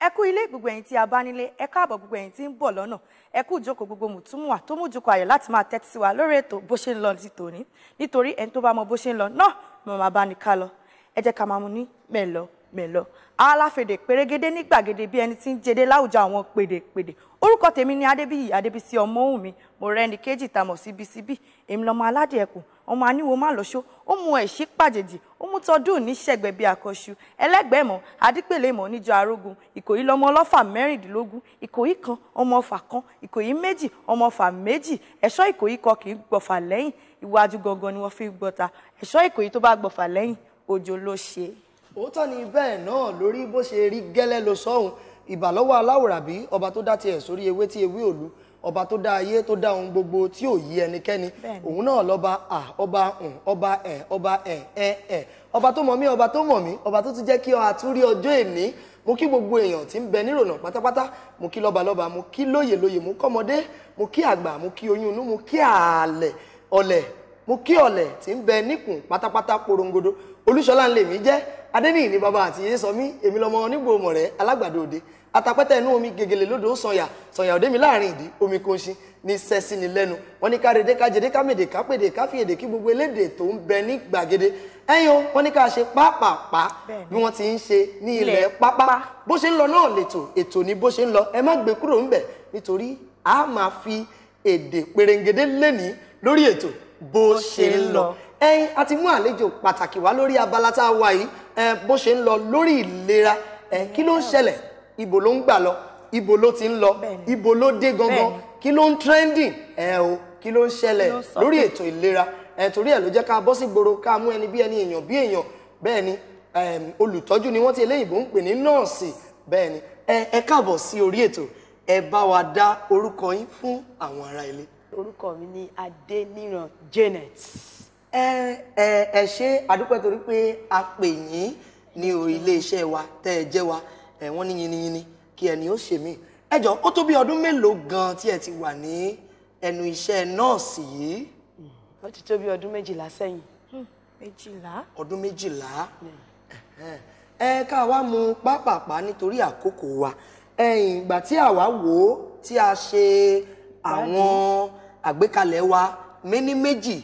ẹ kú ilé gbogbo ẹ̀yin tí a bá nílé ẹ káàbọ̀ gbogbo ẹ̀yin tí ń bọ̀ lọ́nà ẹ kú ìjókòó gbogbo mùtúmùà tó mú ìjókòó ayọ̀ láti máa tẹ́tí sí wa lórí ètò bó ṣe ń lọ ti tòní nítorí ẹni tó bá mọ bó ṣe ń lọ náà mo máa bá ní ká lọ ẹ jẹ́ ká máa mú ní mẹ́lọ́ọ́ mélòó aláfèdè pérégedé ní gbàgede bí ẹni tí ń jẹdé láwùjọ àwọn pèdèpèdè orúkọ tèmi ni adébíyì adébísí ọmọwùnmi mo rẹni kejì tamọ síbísíbí èmi lọmọ aládìẹkùn ọmọ aníwo má lọṣọ ó mu ẹṣí pàjèjì ó mú tọdún níṣẹgbẹ bíi akọṣu ẹlẹgbẹmọ adípèlémọ níjọ arógun ìkòyí lọmọ ọlọ́fà mẹ́rìndínlógún ìkòyí kan ọmọ ọfà kan ìkòyí méjì ọmọ ọfà méjì ẹ̀ṣọ́ ìkòyí kan kì í gbọ̀fà lẹ́yìn iwájú gangan ni wọ́n fi gbọta ẹ̀ṣọ́ ìkòyí tó bá gbọ̀fà lẹ́yìn òjò ló ṣe òótọ́ ni bẹ́ẹ̀ náà lórí bó ṣe rí gẹ́lẹ́ ló sọ́hun ìbàlọ́wọ́ aláwòrábí ọba tó dá tiẹ̀ sórí ewé tí ewé òlu ọba tó dá ayé tó dá ohun gbogbo tí ò yí ẹnikẹ́ni òun náà lọ́ba à ọba ùn ọba ẹ̀ ọba ẹ̀ ẹ̀ ẹ̀ ọba tó mọ̀ mí ọba tó mọ̀ mí ọba tó tún jẹ́ kí ọ àtúrí ọjọ́ èní mo kí gbogbo èèyàn tí ń bẹ nírònà pátápátá mo kí lọ́balọ́ba mo kí lóyèlóyè mo kọ́mọdé mo kí àgbà mo kí oyún inú mo kí ààlẹ̀ ọ̀lẹ̀ mo kí ọ̀lẹ̀ tí ń bẹ níkùn pátápátá porongodo olúṣọlá ń lè mí jẹ́ adẹ́nìyí ni bàbá àti yé sọmí èmi lọmọ onígbò mọ̀rẹ́ alágbàdo òde atapẹ́tẹ́ inú omi gègèlè lódò ó sànyà sànyà òde mi láàrin ìdí omi kò ń ṣin ní sẹ́sí ni lẹ́nu wọ́n ní ká redé ká jedé ká mèdè ká pèdè ká fìyèdè kí gbogbo elédè tó ń bẹ ní gbàgede ẹ̀yin o wọ́n ní ká ṣe pápápá bí wọ́n ti ń ṣe ní ilẹ̀ pápá bó ṣe ń lọ náà lètò ètò ni bó ṣe ń lọ ẹ má gbé kúrò ńbẹ̀ nítorí a máa fi èdè pèrèngédé lénìí lórí ètò bó ṣe ń lọ ẹyin a ti mú àlejò pàtàkì wá lórí abala tá a wà yìí bó ṣe ń lọ lórí ìlera kí ló ń ṣẹlẹ̀ ibo ló ń gbà lọ ibo ló ti ń lọ ibo ló dé gangan kí ló ń trending ẹ o kí ló ń ṣẹlẹ̀ lórí ètò ìlera torí ẹ̀ ló jẹ́ ká bọ́ sí gbòòrò ká mú ẹni bí ẹni èèyàn bí èèyàn bẹ́ẹ̀ ni olùtọ́jú ni wọ́n ti eléyìnbó ń pè ní nọ́ọ̀sì bẹ́ẹ̀ ni ẹ káàbọ̀ sí orí ètò ẹ bá wa dá orúkọ yín fún àwọn ará ilé orúkọ mi ni Adéníran Janet. ẹ ẹ ẹ ṣe àdúpẹ́ torí pé a pè yín ní orí iléeṣẹ́ wa tẹ́ ẹ jẹ́ wa ẹ wọ́n ní yinyinyinyini kí ẹni ó ṣe mí ẹ jọ ó tó bí ọdún mélòó gan tí ẹ ti wà ní ẹnu iṣẹ́ nọ́ọ̀sì yìí. ó ti tó bí ọdún méjìlá sẹ́yìn. Hmm, méjìlá. ọdún méjìlá hmm. ẹ ká wá mu pápápá nítorí àkókò wa ẹ̀yìn ìgbà tí àwa wò ó tí a ṣe àwọn àgbékalẹ̀ wa méní méjì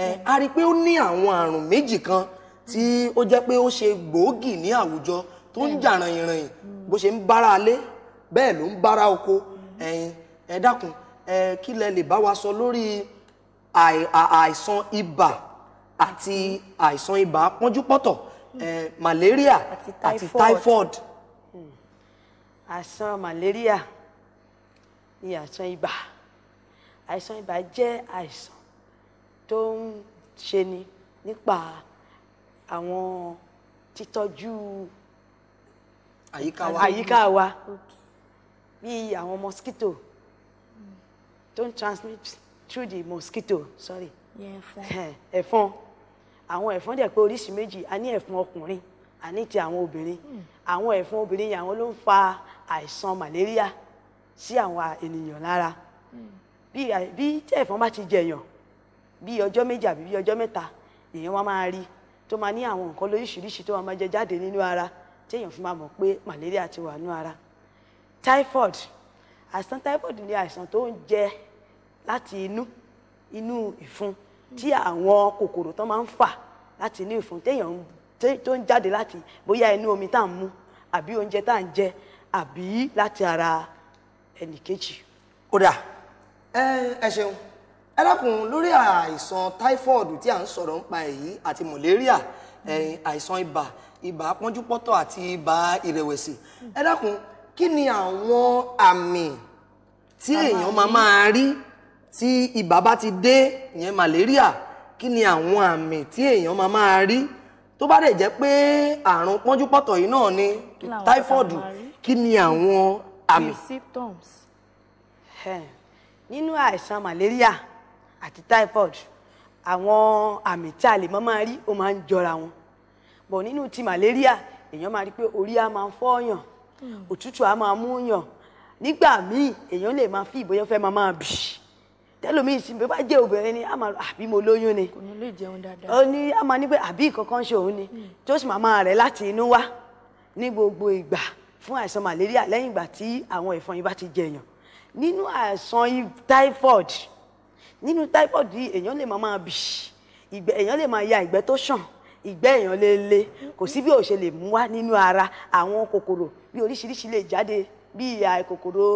ẹ a rí i pé ó ní àwọn àrùn méjì kan tí ó jẹ́ pé ó ṣe gbòógì ní àwùjọ tó ń jà ràyìnràyìn bó ṣe ń bára alé bẹ́ẹ̀ ló ń bára oko ẹ̀yin ẹ kí lẹ lè bá wa sọ lórí àìsàn ibà àti àìsàn ibà pọ́njúpọ́tọ̀ hmm. malaria àti typhoid. Hmm. àìsàn malaria ni àìsàn ibà àìsàn ibà jẹ́ àìsàn tó ń ṣeni nípa àwọn títọ́jú àyíká wa àyíká wa bíi àwọn mosquito don't transmit through the mosquito sorry ẹ̀fọn àwọn ẹ̀fọn dẹ̀ pé oríṣi méjì a ní ẹ̀fọn ọkùnrin a ní ti àwọn obìnrin hmm. àwọn ẹ̀fọn obìnrin yẹn àwọn ló ń fa àìsàn malaria sí àwọn ènìyàn lára hmm bí bí tẹ́ ẹ̀fọn bá ti jẹyàn bí ọjọ́ méjì àbí bí ọjọ́ mẹ́ta èèyàn wá máa rí tó máa ní àwọn nǹkan lóríṣiríṣi tó máa jẹ jáde nínú ara téèyàn fi máa mọ̀ pé malaria ti wà nínú ara typhoid àìsàn typhoid ni àìsàn tó ń jẹ láti inú inú ìfun tí àwọn kòkòrò tó máa ń fà láti inú ìfun téèyàn tó ń jáde láti bóyá inú omi tá à ń mu àbí oúnjẹ tá à ń jẹ àbí láti ara ẹnìkejì. ó dáa ẹ ṣeun ẹ dákun lórí àìsàn typhoid tí à ń sọ̀rọ̀ nípa èyí àti malaria àìsàn ibà ibà pọ́njúpọ́tọ̀ àti ibà ìrẹ̀wẹ̀sì ẹ dákun kí ni àwọn àmì tí èèyàn máa máa rí tí ibà bá ti dé ìyẹn malaria kí ni àwọn àmì tí èèyàn máa máa rí tó bá dẹ̀ jẹ́ pé àrùn pọ́njúpọ́tọ̀ yìí náà ni typhoid kí ni àwọn àmì. symptoms nínú àìsàn malaria àti typhoid àwọn àmì tí a lè mọ́ máa rí ó máa ń jọra wọn bọ̀ nínú ti malaria èèyàn máa rí pé orí á máa fọ́ọ̀yàn hmm. òtútù á máa múyàn nígbà míì èèyàn lè máa fi ìbòyàn fẹ́ máa máa bì tẹlomiin sì bá jẹ́ obìnrin ni a máa àbí mo lóyún ni kò ní lè jẹun dáadáa ó ní a máa ní pé àbí kankan ṣe òun ni hmm. tó sì máa máa rẹ̀ láti inú wá ní gbogbo ìgbà fún àìsàn malaria lẹ́yìn ìgbà tí àwọn ẹ̀fọn yìí bá ti jẹyàn nínú àìsàn typhoid nínú typhoid èèyàn lè máa máa bì ìgbẹ́ èèyàn lè máa ya ìgbẹ́ tó ṣàn ìgbẹ́ èèyàn lè le kò sí bí o ṣe lè mú wá nínú ara àwọn kòkòrò bí oríṣiríṣi lè jáde bí àìkòkòrò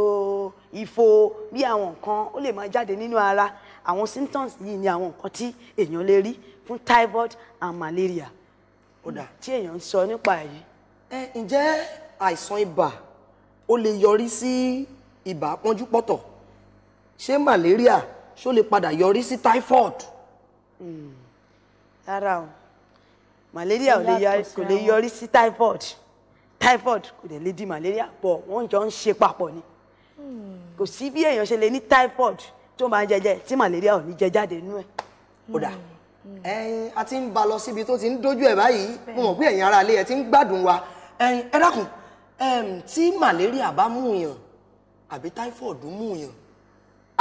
ifo bí àwọn nǹkan ó lè máa jáde nínú ara àwọn symptoms yìí ni àwọn nǹkan tí èèyàn lè rí fún typhoid and malaria kódà tí èèyàn ń sọ nípa èyí. ẹ ǹjẹ́ àìsàn ibà ó lè yọrí sí ibà pọ́njú pọ́tọ̀ ṣé malaria ṣó lè padà yọrí sí typhoid. Hmm. rárá o malaria kò lè yọrí sí typhoid typhoid kò dẹ̀ lè di malaria bọ̀ wọ́n jọ ń ṣe papọ̀ ni hmm. kò sí bí èèyàn ṣe lè ní typhoid tó máa ń jẹjẹ tí malaria ò ní jẹ jáde nínú ẹ̀ ó dà hmm. ẹyin a ti ń ba lọ síbi tó ti ń dojú ẹ báyìí mo mọ̀ pé ẹ̀yin ará ilé ẹ ti ń gbádùn wa ẹ dákun tí malaria bá mú yàn àbí táífọ̀dù mú yàn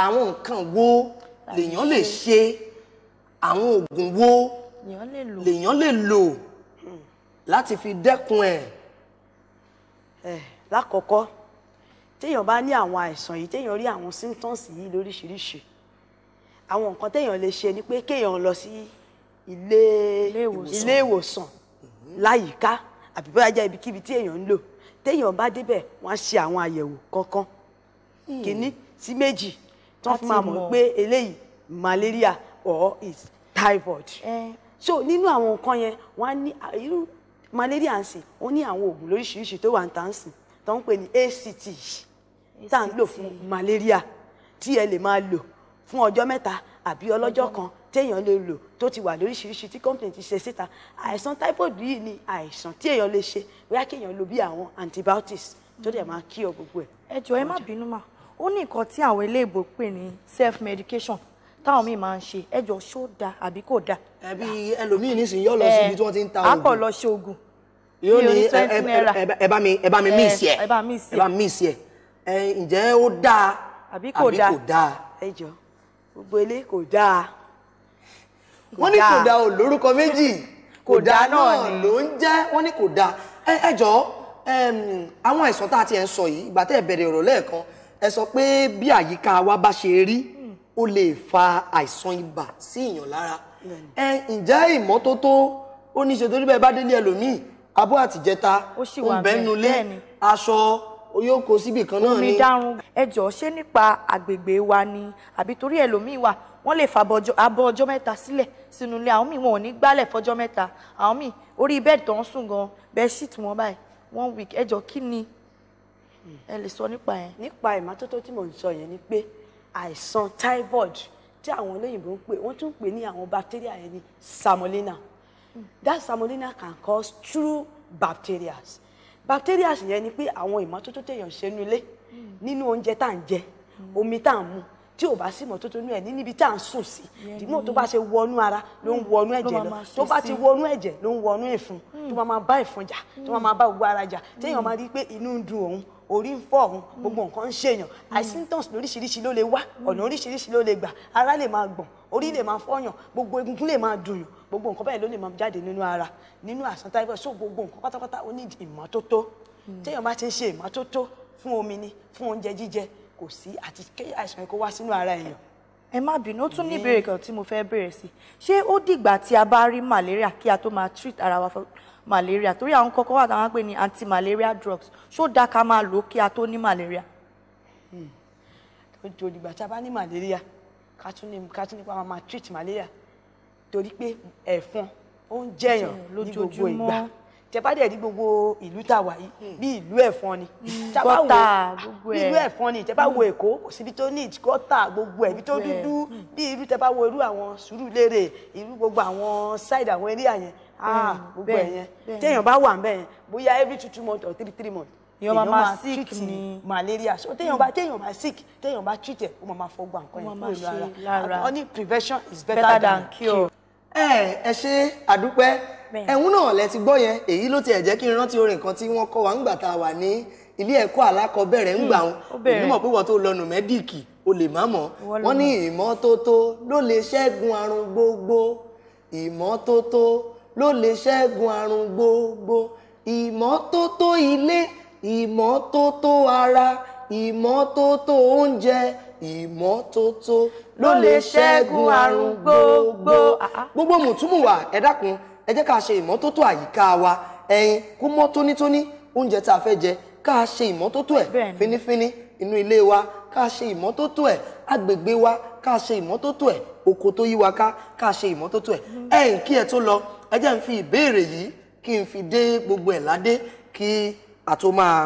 àwọn nǹkan wo lèèyàn lè ṣe àwọn oògùn wo lèèyàn lè lò hmm. láti fi dẹ́kun ẹ̀. lákọ̀ọ́kọ́ téèyàn bá ní àwọn àìsàn yìí téèyàn rí àwọn symptoms yìí lóríṣiríṣi àwọn nǹkan téèyàn lè ṣe ni pé kéèyàn lọ sí ilé ìwòsàn mm-hmm. láyìíká àbí bóyá jẹ́ ibikíbi tí èèyàn ń lò téèyàn bá débẹ̀ wọ́n á ṣe àwọn àyẹ̀wò kankan Hmm. kìíní sí méjì tí wọ́n fi máa mọ̀ pé eléyìí malaria or is typhoid. Eh. so nínú àwọn nǹkan yẹn wọ́n á ní irú malaria ń sìn ó ní àwọn oògùn lóríṣiríṣi tó wà ń tà ń sìn tó ń pè ní ACT tá à ń lò fún malaria tí ẹ lè máa lò fún ọjọ́ mẹ́ta àbí ọlọ́jọ́ kan téèyàn lè lò tó ti wà lóríṣiríṣi tí company ti ṣe síta àìsàn typhoid yìí ni àìsàn tí èèyàn lè ṣe bóyá kéèyàn lo bí àwọn antibiotics tó dẹ̀ máa kí ọ gbogbo ẹ̀. ẹ jọ̀ọ́ ẹ má bínú mà ó ní nǹkan tí àwọn eléèbò pè ní self medication táwọn míì máa ń ṣe ẹjọ ṣó da àbí kò da. ẹbí ẹlòmíì nísìnyí yóò lọ sí ibi tí wọ́n ti ń ta eh, oògùn. akọ lọ ṣe oògùn. yóò ní ẹ bá mi ẹ bá mi mí ìsì ẹ ẹ bá mi ìsì ẹ ẹ ǹjẹ́ ó dáa àbí kò dáa ẹjọ gbogbo ilé kò dáa. wọ́n ní kò dáa ò lórúkọ méjì kò dáa náà ló ń jẹ́ wọ́n ní kò dáa ẹjọ àwọn àìsàn tá a ti ẹ̀ ń sọ yìí ìgbà tẹ́ ẹ bẹ̀rẹ̀ ọ̀rọ̀ lẹ́ẹ̀kan ẹ sọ pé bí àyíká wa bá ṣe rí hmm. ó lè fa àìsàn ibà sí èèyàn lára ẹ ǹjẹ́ ìmọ́tótó ó ní ṣe torí bẹ́ẹ̀ bá délé ẹlòmíì abọ́ àtìjẹta òǹbẹ́nulé aṣọ yóò kó síbì kan náà ni. omi dárun ẹ jọ̀ọ́ ṣé nípa àgbègbè wa ni àbí torí ẹlòmíì wà wọ́n lè fa abọ́ ọjọ́ mẹ́ta sílẹ̀ sínú ilé àwọn míì wọn ò ní gbálẹ̀ fọjọ́ mẹ́ta àwọn míì orí bẹ́ẹ̀dì tó ń sùn gan bẹ́ẹ̀ ṣì tí wọ́n báyìí one week ẹ jọ̀ọ́ kí ni ẹ lè sọ nípa yẹn. nípa ìmọ́tótó tí mò ń sọ yẹn ni pé àìsàn typhoid tí àwọn olóyìnbó ń pè wọ́n tún ń pè ní àwọn bacteria yẹn ní salmonella that salmonella can cause true bacteria bacteria yẹn ni pé àwọn ìmọ́tótó téèyàn ṣe nílé nínú oúnjẹ tá à ń jẹ omi tá à ń mu tí ò bá sí ìmọ́tótó inú ẹ̀ ní níbi tá à ń sùn sí ìdìmọ̀ tó bá ṣe wọnú ara ló ń wọnú ẹ̀jẹ̀ lọ tó bá ti wọnú ẹ̀jẹ̀ ló ń wọnú ìfun hmm. tó máa bá ìfun jà tó máa bá gbogbo ara jà téèyàn máa rí pé inú ń dun òun orí ń fọ́ òun hmm. gbogbo nǹkan ń ṣèyàn hmm. àìsíntọ́nsì lóríṣiríṣi ló lè wá ọ̀nà oríṣiríṣi ló lè gbà ara lè máa gbọ̀n orí lè máa fọ́yàn gbogbo egungun lè máa dùnyàn gbogbo nǹkan bẹ́ẹ̀ ló lè máa jáde nínú ara nínú àìsàn táífọ̀ so gbogbo nǹkan pátápátá ó ní ìmọ́tótó téèyàn bá ti ń ṣe ìmọ́tótó fún omi ni fún oúnjẹ jíjẹ kò sí àti kí àìsàn kó wá sínú ara èèyàn. ẹ má bínú ó tún ní ìbéèrè kan tí mo fẹ́ bẹ̀rẹ̀ sí ṣé ó dìgbà tí a bá rí malaria kí a tó máa treat ara wa fún malaria torí àwọn kọ́kọ́ wà táwọn pè ní anti-malaria drugs ṣó dáa ká máa lò ó kí a tó ní malaria. tó hmm. dìgbà tí a bá ní malaria ká tún ní ká tún nípa máa treat malaria torí pé ẹ̀fọn ó ń jẹyàn ní gbogbo ìgbà tẹ́bàdẹ̀ ní gbogbo ìlú tá wà yìí hmm. bí ìlú ẹ̀fọn ni gọ́tà gbogbo ẹ̀ ìlú ẹ̀fọn ni tẹ́bà wo hmm. èkó kò síbi tó ní gọ́tà gbogbo ẹ̀ ibi tó dúdú hmm. bí irú tẹ́bà wo irú àwọn Sùúrùlérè irú gbogbo àwọn ṣáìdì àwọn eré àyẹn ah, gbogbo ẹ̀ yẹn téèyàn bá wà ń bẹ̀ yẹn bóyá every two two months or three three months èèyàn máa sick ni malaria so téèyàn bá téèyàn bá sick téèyàn bá treat ẹ ó máa máa fọgbà kúrò lára ẹ̀hún náà lẹ ti gbọ́ yẹn èyí ló tiẹ̀ jẹ́ kí n rántí orin kan tí wọ́n kọ́ wa ńgbà tá a wà ní ilé ẹ̀kọ́ alákọ̀ọ́bẹ̀rẹ̀ ńgbà hmm, wọn onímọ̀ pé wọ́n tó lọ nù mẹ́díìkì o lè má mọ̀ wọ́n ní ìmọ́tótó ló lè ṣẹ́gun àrùn gbogbo ìmọ́tótó ló lè ṣẹ́gun àrùn gbogbo ìmọ́tótó ilé ìmọ́tótó ara ìmọ́tótó oúnjẹ ìmọ́tótó ló lè ṣẹ́gun àrùn gbogbo. Ah, ah. gbogbo mùtúmùwà ẹ dákun ẹ jẹ́ ká ṣe ìmọ́tótó àyíká wa ẹyin kó mọ́ tónítóní oúnjẹ tá a fẹ́ jẹ ká ṣe ìmọ́tótó ẹ̀ fínífíní inú ilé wa ká ṣe ìmọ́tótó ẹ̀ agbègbè wa ká ṣe ìmọ́tótó ẹ̀ oko tó yí wa ká ká ṣe ìmọ́tótó ẹ̀ ẹyin kí ẹ tó lọ ẹ jẹ́ n fi ìbéèrè yìí kí n fi dé gbogbo ẹ̀ ládé kí àtó máa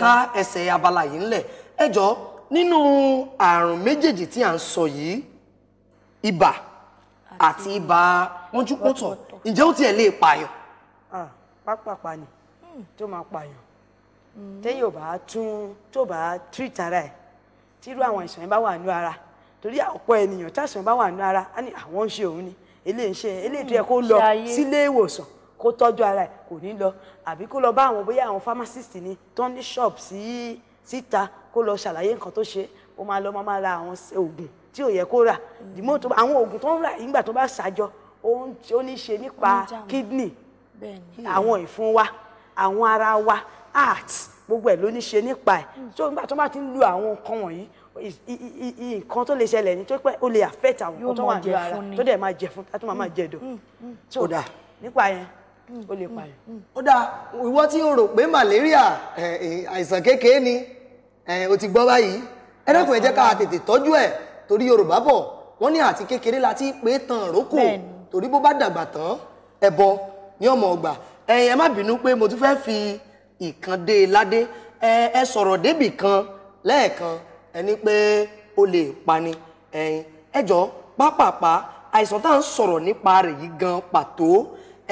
ká ẹsẹ̀ abala yìí ńlẹ̀ ẹ nínú àrùn méjèèjì tí à ń sọ yìí ibà àti ibà pọ́njúpọ́ntọ̀ ǹjẹ́ ó tiẹ̀ lè pààyàn. pápápá ni tó máa pààyàn téèyàn ò bá tún tó bá treat ara ẹ̀ tírú àwọn ìṣàn yẹn bá wà nú ara torí ọ̀pọ̀ ènìyàn táṣàn bá wà nú ara á ní àwọn ń ṣe òun ni eléyìí ń ṣe eléyìí tó yẹ kó lọ sílé ìwòsàn kó tọ́jú ara ẹ̀ kò ní lọ àbí kó lọ bá àwọn bóyá àwọn pharmacist ni tó ní shop sí síta kó lọ ṣàlàyé nǹkan tó ṣe ó máa lọ máa ra àwọn oògùn tí ò yẹ kó rà àwọn oògùn tó ń rà nígbà tó bá ṣàjọ ó ní ṣe nípa kidney àwọn ìfun wa àwọn ara wa heart gbogbo ẹ̀ ló ní ṣe nípa ẹ̀ tó hmm. nígbà tó bá ti ń lu àwọn nǹkan wọ̀nyí nǹkan tó lè ṣẹlẹ̀ ní tó pẹ́ ó lè affect àwọn nǹkan tó wà ní ara tó dẹ̀ máa jẹ fún tó máa hmm. jẹ dò tó hmm. dà nípa yẹn ó lè pààyàn. ó dà ìwọ tí ń rò pé malaria àìsàn kékeré ni o ti gbọ́ báyìí ẹ dákun ẹ jẹ́ ká tètè tọ́jú ẹ̀ torí Yorùbá bọ̀ wọ́n ní àti kékeré la ti pé tàn rókò torí bó bá dàgbà tán ẹbọ ní ọmọ ọgbà ẹ̀yin ẹ má bínú pé mo tún fẹ́ fi ìkàndé ládé ẹ sọ̀rọ̀ débì kan lẹ́ẹ̀kan ẹni pé ó lè pani ẹ̀yin ẹjọ pápápá àìsàn tá à ń sọ̀rọ̀ nípa rẹ̀ yìí gan pàtó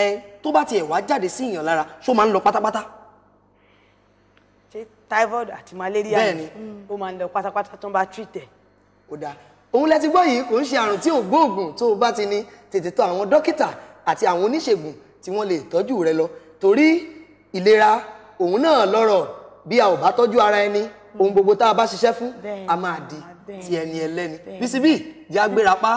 ẹ̀yin tó bá tiẹ̀ wá jáde sí ìyàn lára ṣó máa ń lọ pátápátá ṣe typhoid àti malaria ó máa ń lọ pátápátá tó ń bá treat ẹ. ó dáa òun lẹ ti gbọ́ yìí kò ń ṣe àrùn tí ò gbóògùn tó o bá ti ní tètè tọ̀ àwọn dókítà àti àwọn oníṣègùn tí wọ́n lè tọ́jú rẹ lọ torí ìlera òun náà lọ́rọ̀ bí a ò bá tọ́jú ara ẹni hmm. ohun gbogbo tá a bá ṣiṣẹ́ fún a máa di ti ẹni ẹlẹ́ni bísí bíi jágbérapá.